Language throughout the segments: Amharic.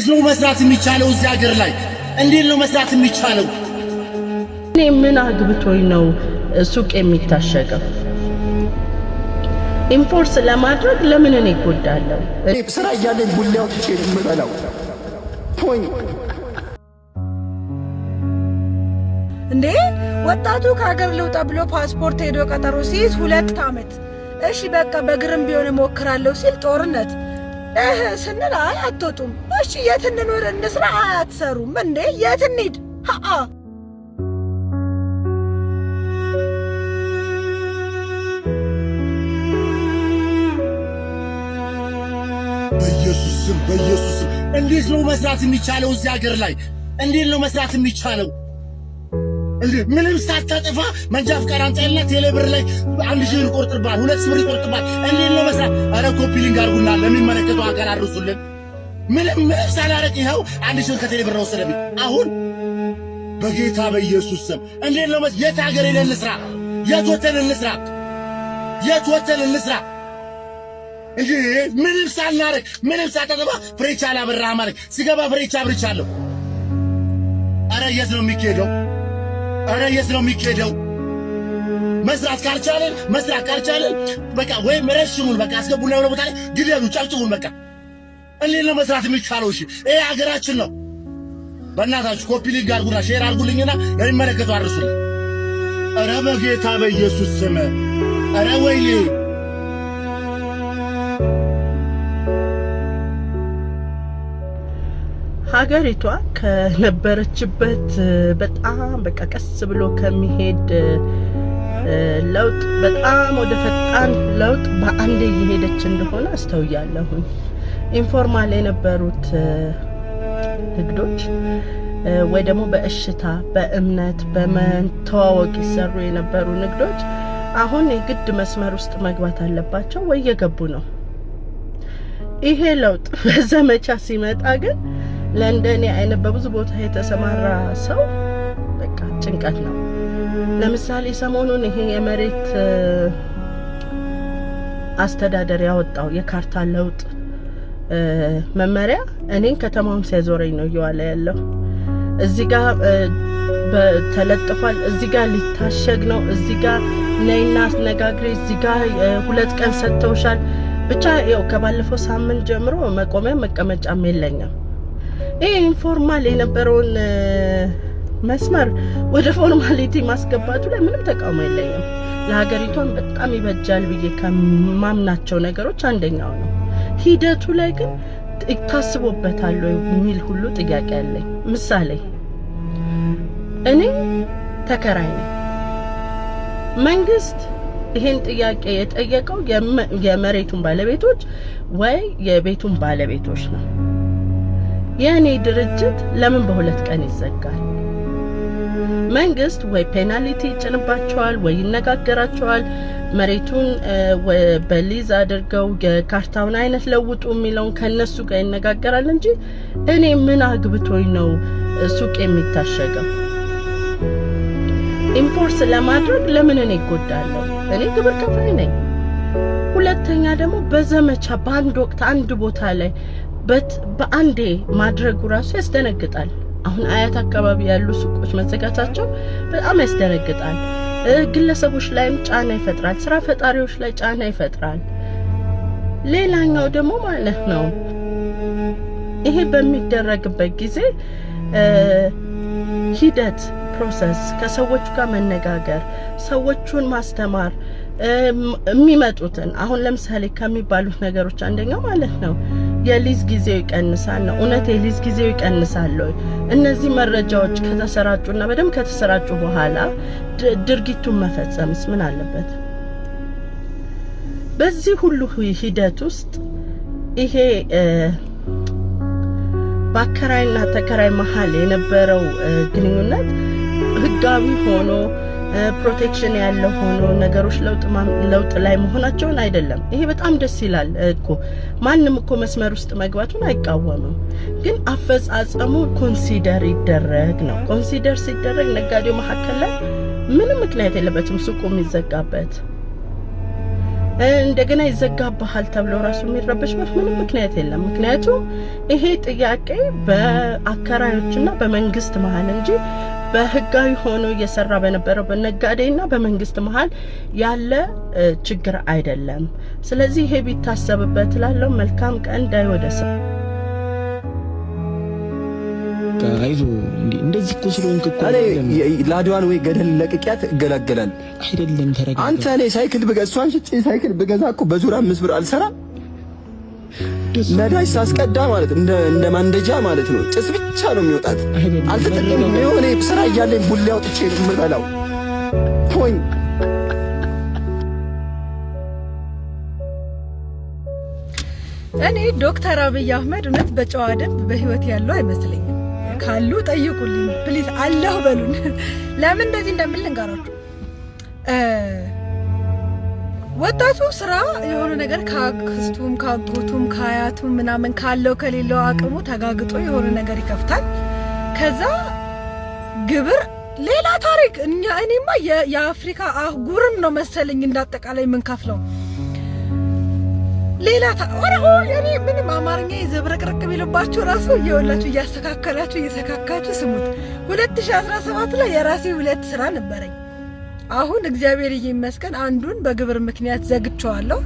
እንዴት ነው መስራት የሚቻለው? እዚህ ሀገር ላይ እንዴት ነው መስራት የሚቻለው? እኔ ምን አግብቶኝ ነው ሱቅ የሚታሸገው? ኢንፎርስ ለማድረግ ለምን እኔ እጎዳለሁ? ስራ እያለኝ ቡላ አውጥቼ የምበላው እንዴ ወጣቱ ከሀገር ልውጣ ብሎ ፓስፖርት ሄዶ ቀጠሮ ሲይዝ ሁለት ዓመት እሺ በቃ በግርም ቢሆን እሞክራለሁ ሲል ጦርነት ስንል አይ አትወጡም፣ እሺ የት እንኖር እንስራ፣ አይ አትሰሩም እንዴ የት እንሂድ ሀአ በኢየሱስ ስም በኢየሱስ ስም እንዴት ነው መስራት የሚቻለው? እዚህ ሀገር ላይ እንዴት ነው መስራት የሚቻለው? ምንም ሳታጠፋ መንጃ ፍቃድ አምጣላ ቴሌ ላይ አንድ ሺህ ይቆርጥባል፣ ሁለት ሺህ ብር ይቆርጥባል። እንዴት ነው መስራት? አረ ኮፒሊንግ አርጉና አድርጉና ለሚመለከተው አካል አድርሱልን። ምንም ምንም ሳላረቅ ይኸው አንድ ሺህ ከቴሌ ብር ነው ወሰደብኝ። አሁን በጌታ በኢየሱስ ስም እንዴት ነው መስ የት ሀገር ሄደን ልስራ? የት ወተን ልስራ? የት ወተን ልስራ? ምንም ሳናረግ ምንም ሳታጠፋ ፍሬቻ ላበራ ማለት ሲገባ ፍሬቻ አብርቻለሁ። አረ የት ነው የሚካሄደው? እረ የት ነው የሚኬደው? መስራት ካልቻለን መስራት ካልቻለን በቃ ወይም ረሽሙን በቃ አስገቡና የሆነ ቦታ ላይ ግደሉ፣ ጨብጭቡን በቃ እንዴት ነው መስራት የሚቻለው? እሺ ይሄ ሀገራችን ነው። በእናታችሁ ኮፒ ሊንክ አድርጉና ሼር አድርጉልኝና ለሚመለከቱ አድርሱልኝ። እረ በጌታ በኢየሱስ ስም እረ ወይኔ ሀገሪቷ ከነበረችበት በጣም በቃ ቀስ ብሎ ከሚሄድ ለውጥ በጣም ወደ ፈጣን ለውጥ በአንድ እየሄደች እንደሆነ አስተውያለሁኝ። ኢንፎርማል የነበሩት ንግዶች ወይ ደግሞ በእሽታ በእምነት በመተዋወቅ ይሰሩ የነበሩ ንግዶች አሁን የግድ መስመር ውስጥ መግባት አለባቸው ወይ የገቡ ነው። ይሄ ለውጥ በዘመቻ ሲመጣ ግን ለእንደኔ አይነት በብዙ ቦታ የተሰማራ ሰው በቃ ጭንቀት ነው። ለምሳሌ ሰሞኑን ይሄ የመሬት አስተዳደር ያወጣው የካርታ ለውጥ መመሪያ እኔን ከተማውም ሲያዞረኝ ነው እየዋለ ያለው። እዚህ ጋ ተለጥፏል፣ እዚህ ጋ ሊታሸግ ነው፣ እዚህ ጋ ነይና አስነጋግሬ፣ እዚህ ጋ ሁለት ቀን ሰጥተውሻል። ብቻ ያው ከባለፈው ሳምንት ጀምሮ መቆሚያ መቀመጫም የለኝም። ይህ ኢንፎርማል የነበረውን መስመር ወደ ፎርማሊቲ ማስገባቱ ላይ ምንም ተቃውሞ የለኝም። ለሀገሪቷን በጣም ይበጃል ብዬ ከማምናቸው ነገሮች አንደኛው ነው። ሂደቱ ላይ ግን ታስቦበታል የሚል ሁሉ ጥያቄ አለኝ። ምሳሌ እኔ ተከራይ ነኝ። መንግስት ይህን ጥያቄ የጠየቀው የመሬቱን ባለቤቶች ወይ የቤቱን ባለቤቶች ነው። የእኔ ድርጅት ለምን በሁለት ቀን ይዘጋል? መንግስት ወይ ፔናልቲ ይጭንባቸዋል ወይ ይነጋገራቸዋል። መሬቱን በሊዝ አድርገው የካርታውን አይነት ለውጡ የሚለውን ከነሱ ጋር ይነጋገራል እንጂ እኔ ምን አግብቶኝ ነው ሱቅ የሚታሸገው? ኢንፎርስ ለማድረግ ለምን እኔ ይጎዳለሁ? እኔ ግብር ከፋይ ነኝ። ሁለተኛ ደግሞ በዘመቻ በአንድ ወቅት አንድ ቦታ ላይ በት በአንዴ ማድረጉ ራሱ ያስደነግጣል። አሁን አያት አካባቢ ያሉ ሱቆች መዘጋታቸው በጣም ያስደነግጣል። ግለሰቦች ላይም ጫና ይፈጥራል። ስራ ፈጣሪዎች ላይ ጫና ይፈጥራል። ሌላኛው ደግሞ ማለት ነው ይሄ በሚደረግበት ጊዜ ሂደት ፕሮሰስ ከሰዎቹ ጋር መነጋገር፣ ሰዎቹን ማስተማር የሚመጡትን አሁን ለምሳሌ ከሚባሉት ነገሮች አንደኛው ማለት ነው የሊዝ ጊዜው ይቀንሳል ነው። እውነት የሊዝ ጊዜው ይቀንሳል ወይ? እነዚህ መረጃዎች ከተሰራጩና በደንብ ከተሰራጩ በኋላ ድርጊቱን መፈጸምስ ምን አለበት? በዚህ ሁሉ ሂደት ውስጥ ይሄ በአከራይና ተከራይ መሀል የነበረው ግንኙነት ህጋዊ ሆኖ ፕሮቴክሽን ያለ ሆኖ ነገሮች ለውጥ ላይ መሆናቸውን አይደለም። ይሄ በጣም ደስ ይላል እኮ ማንም እኮ መስመር ውስጥ መግባቱን አይቃወምም። ግን አፈጻጸሙ ኮንሲደር ይደረግ ነው። ኮንሲደር ሲደረግ ነጋዴው መካከል ላይ ምንም ምክንያት የለበትም ሱቁ የሚዘጋበት እንደገና ይዘጋብሃል ተብሎ ራሱ የሚረበሽበት ምንም ምክንያት የለም። ምክንያቱም ይሄ ጥያቄ በአከራዮችና በመንግስት መሀል እንጂ በህጋዊ ሆኖ እየሰራ በነበረው በነጋዴና በመንግስት መሀል ያለ ችግር አይደለም። ስለዚህ ይሄ ቢታሰብበት ላለው መልካም ቀን ዳይ ወደ ሰው አይዞ እንደዚህ እኮ ስለሆንክ እኮ ለአድዋን ወይ ገደል ለቅቂያት እገላገላል አይደለም። ተረጋ አንተ እኔ ሳይክል ብገዛ እሷን ሽጬ ሳይክል ብገዛ እኮ በዙር አምስት ብር አልሰራም ነዳጅ ሳስቀዳ ማለት እንደ እንደ ማንደጃ ማለት ነው። ጭስ ብቻ ነው የሚወጣት። አልተጠቀምም። የሆነ ስራ እያለኝ ቡላ አውጥቼ የምበላው ሆኝ እኔ ዶክተር አብይ አህመድ እውነት በጨዋ ደንብ በህይወት ያለው አይመስለኝም። ካሉ ጠይቁልኝ ፕሊዝ፣ አለሁ በሉን። ለምን እንደዚህ እንደምልንጋራችሁ ወጣቱ ስራ የሆነ ነገር ከአክስቱም ከአጎቱም ከአያቱም ምናምን ካለው ከሌለው አቅሙ ተጋግጦ የሆነ ነገር ይከፍታል። ከዛ ግብር ሌላ ታሪክ። እኛ እኔማ የአፍሪካ አህጉርን ነው መሰለኝ እንዳጠቃላይ የምንከፍለው ሌላ እኔ ምንም አማርኛ የዘብረቅርቅ ቢልባችሁ ራሱ እየወላችሁ እያስተካከላችሁ እየሰካካችሁ ስሙት። 2017 ላይ የራሴ ሁለት ስራ ነበረኝ። አሁን እግዚአብሔር ይመስገን አንዱን በግብር ምክንያት ዘግቸዋለሁ።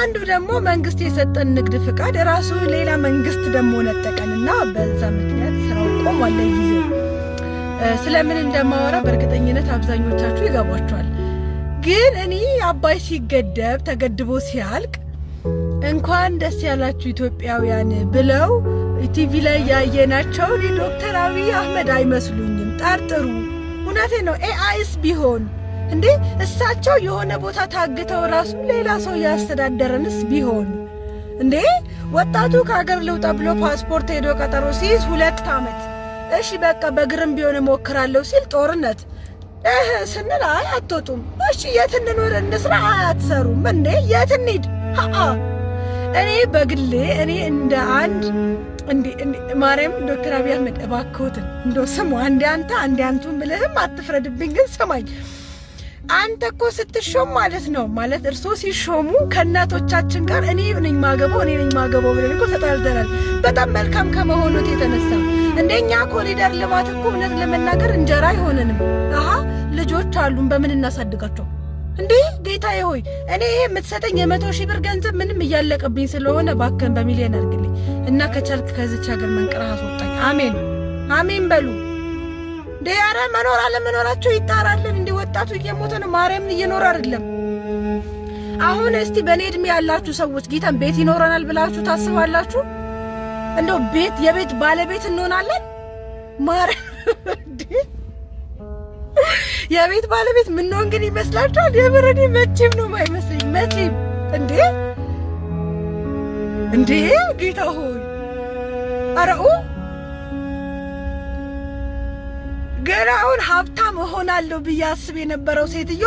አንዱ ደግሞ መንግስት የሰጠን ንግድ ፍቃድ ራሱ ሌላ መንግስት ደግሞ ነጠቀንና በዛ ምክንያት ስራው ቆሟል። ጊዜ ስለምን እንደማወራ በእርግጠኝነት አብዛኞቻችሁ ይገባችኋል። ግን እኔ አባይ ሲገደብ ተገድቦ ሲያልቅ እንኳን ደስ ያላችሁ ኢትዮጵያውያን ብለው ቲቪ ላይ ያየናቸው ዶክተር አብይ አህመድ አይመስሉኝም። ጠርጥሩ። እውነቴ ነው። ኤአይስ ቢሆን እንዴ እሳቸው የሆነ ቦታ ታግተው ራሱ ሌላ ሰው ያስተዳደረንስ ቢሆን እንዴ ወጣቱ ከሀገር ልውጣ ብሎ ፓስፖርት ሄዶ ቀጠሮ ሲይዝ ሁለት ዓመት እሺ በቃ በግርም ቢሆን እሞክራለሁ ሲል ጦርነት እህ ስንል አይ አትወጡም፣ እሺ የት እንኖር እንስራ፣ አትሰሩም እንዴ የት እንሂድ? ሀአ እኔ በግሌ እኔ እንደ አንድ ማርያም ዶክተር አብይ አህመድ እባክዎትን እንደ ስሙ አንዴ አንተ አንዴ አንቱን ብልህም አትፍረድብኝ፣ ግን ስማኝ አንተ እኮ ስትሾም ማለት ነው ማለት እርሶ ሲሾሙ ከእናቶቻችን ጋር እኔ ነኝ ማገበው እኔ ነኝ ማገበው ብለን እኮ ተጣልተናል። በጣም መልካም ከመሆኑት የተነሳ እንደኛ ኮሪደር ልማት እኮ እውነት ለመናገር እንጀራ አይሆንንም። አሀ ልጆች አሉን፣ በምን እናሳድጋቸው? እንዴ ጌታዬ ሆይ እኔ ይሄ የምትሰጠኝ የመቶ ሺህ ብር ገንዘብ ምንም እያለቅብኝ ስለሆነ ባከን በሚሊዮን አድርግልኝ እና ከቻልክ ከዚች ሀገር መንቅረህ አስወጣኝ። አሜን አሜን በሉ። እንደ ኧረ መኖር አለመኖራቸው ይጣራልን። እንደ ወጣቱ እየሞተ ነው። ማርያምን እየኖረ አይደለም። አሁን እስቲ በእኔ ዕድሜ ያላችሁ ሰዎች ጌታን ቤት ይኖረናል ብላችሁ ታስባላችሁ? እንደው ቤት የቤት ባለቤት እንሆናለን? ማርያም የቤት ባለቤት ምንሆን ግን ይመስላችኋል? የምር እኔ መቼም ነው የማይመስለኝ። መቼም እንዴ እንዴ ጌታ ሆይ አረኡ ግን ሀብታም እሆናለሁ ብዬ አስብ የነበረው ሴትዮ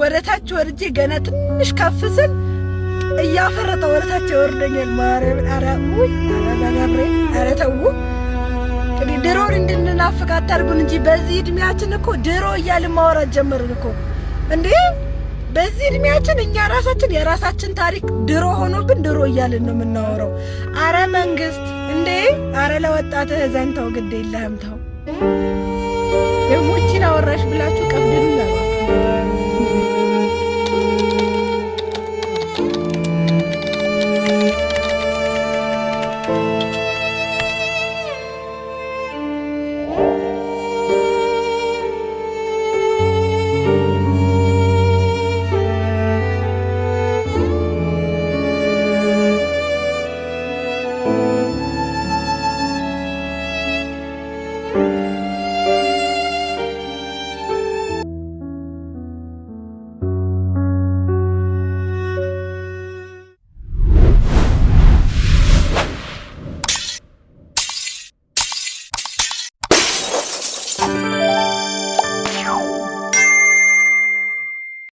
ወደ ወርጄ ገና ትንሽ ከፍ ስል እያፈረጠ ወደ ታች ወርደኛል። ማርያም አራሙይ አራጋሬ እንግዲህ ድሮን እንድንናፍቅ አታርጉን እንጂ በዚህ እድሜያችን እኮ ድሮ እያልን ማውራት ጀመርን እኮ እንዴ! በዚህ እድሜያችን እኛ ራሳችን የራሳችን ታሪክ ድሮ ሆኖ ግን ድሮ እያልን ነው የምናወራው። አረ መንግስት እንዴ! አረ ለወጣትህ ዘንተው ግድ የለህም ተው። ደግሞ ይችን አወራሽ ብላችሁ ቀብድሉ።